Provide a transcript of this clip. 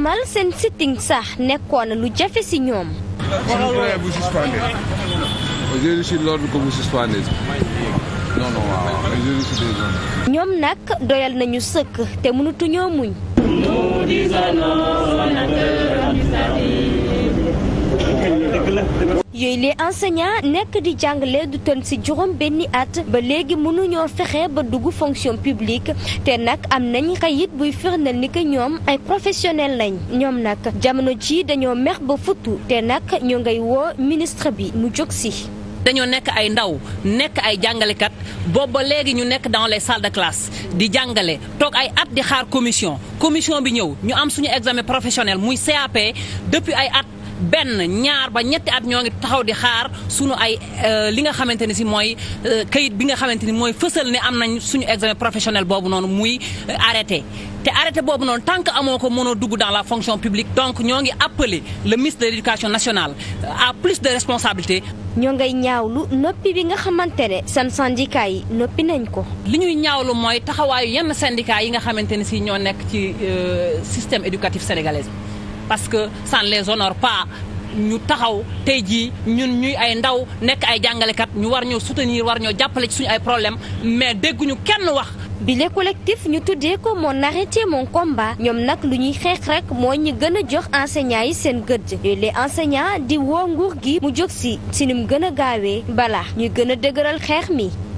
amal seen sitting sax nekkoon lu jafe ci ñoom. bu suspendé je ñoom nag doyal nañu sëkk te mënutu ñoo muñ. la yooyu les enseignants nekk di jàngale du tën ci juróom benni at ba léegi mënuñoo fexe ba dugg fonction publique te nag am nañ xayit buy firndal ni que ñoom ay professionnel lañ ñoom nag jamono ji dañoo mer ba futtu te nag ñu ngay woo ministre bi mu jóg si dañoo nekk ay ndaw nekk ay jàngalekat boobu ba léegi ñu nekk dans les salles de di jàngale toog ay at di xaar commission commission bi ñëw ñu am suñu examen professionnel muy CAP depuis benn ñaar ba ñetti at ñoo ngi taxaw di xaar suñu ay euh, li nga xamante ne si mooy euh, kayit bi nga xamante ni mooy fësal ni am nañ suñu examen professionnel boobu noonu muy euh, arrêté. te arrêté boobu noonu tant que amoo ko mënoo dugg dans la fonction publique donc ñoo ngi appelé le ministre de l' éducation nationale plus de responsabilité. ñoo ngay ñaawlu noppi bi nga xamante ne seen syndicat yi noppi nañ ko. li ñuy ñaawlu mooy taxawaayu yenn syndicat yi nga xamante ne si ñoo nekk ci système éducatif sénégalais. parce que ça les honore pas ñu taxaw tey jii ñun ñuy ay ndaw nekk ay jàngalekat ñu war ñoo soutenir war ñoo jàppale ci suñu ay problèmes mais dégguñu kenn wax. bile collectif ñu tuddee ko mon arrêté moom komba ñoom nag lu ñuy xeex rek moo ñu gën a jox enseignants yi seen gëdd les enseignants di woo nguur gi mu jóg si si ni mu gën a gaawee balaa ñuy gën a dëgëral xeex mi.